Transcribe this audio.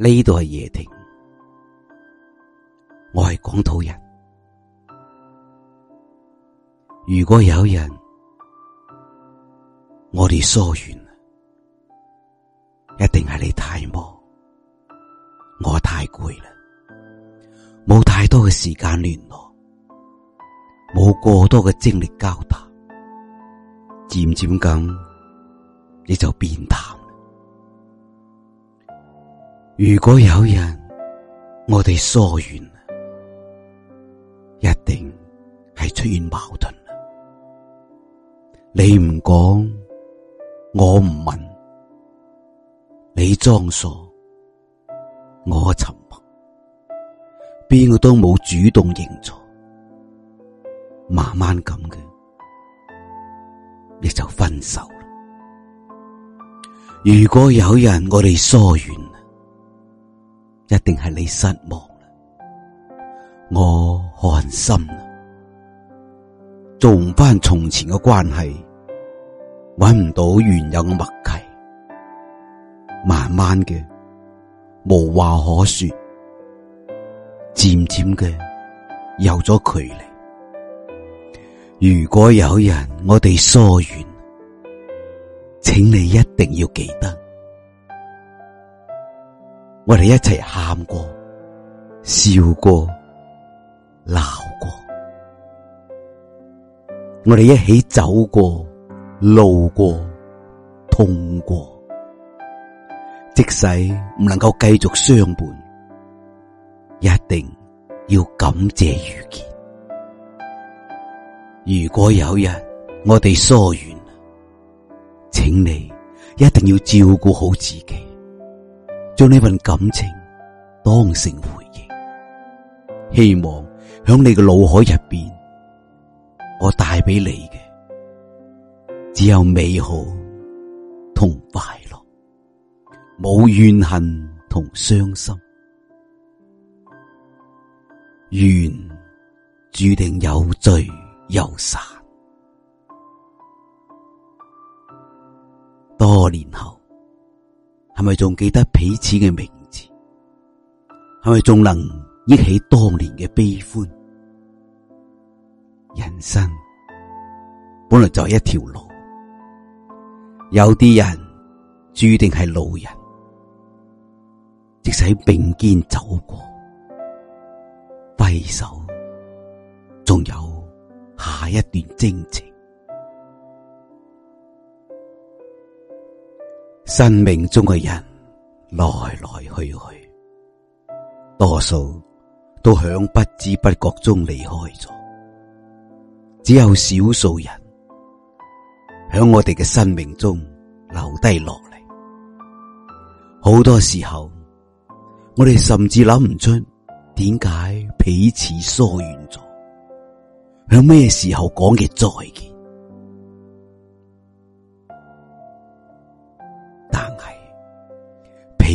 呢度係夜庭，我係廣土人。如果有日，我哋疏遠，一定係你太忙，我太攰啦，冇太多嘅時間聯絡，冇過多嘅精力交談，漸漸咁你就變淡。如果有日我哋疏遠了，一定係出現矛盾了，你唔講，我唔問，你裝傻，我沉默，邊個都冇主動認錯，慢慢咁嘅，你就分手了。如果有日我哋疏遠了。一定係你失望啦，我寒心，做唔翻從前嘅關係，搵唔到原有嘅默契，慢慢嘅無話可說，漸漸嘅有咗距離。如果有人我哋疏遠，請你一定要記得。我哋一齊喊過、笑過、鬧過，我哋一起走過、路過、痛過，即使唔能夠繼續相伴，一定要感謝遇見。如果有日我哋疏遠，請你一定要照顧好自己。將呢份感情當成回憶，希望喺你嘅腦海入邊，我帶俾你嘅只有美好同快樂，冇怨恨同傷心。緣注定有聚有散，多年後。係咪仲記得彼此嘅名字？係咪仲能憶起當年嘅悲歡？人生本來就係一條路，有啲人注定係路人，即使並肩走過，揮手，仲有下一段征程。生命中嘅人來來去去，多數都響不知不覺中離開咗，只有少數人響我哋嘅生命中留低落嚟。好多時候，我哋甚至諗唔出點解彼此疏遠咗，響咩時候講嘅再見。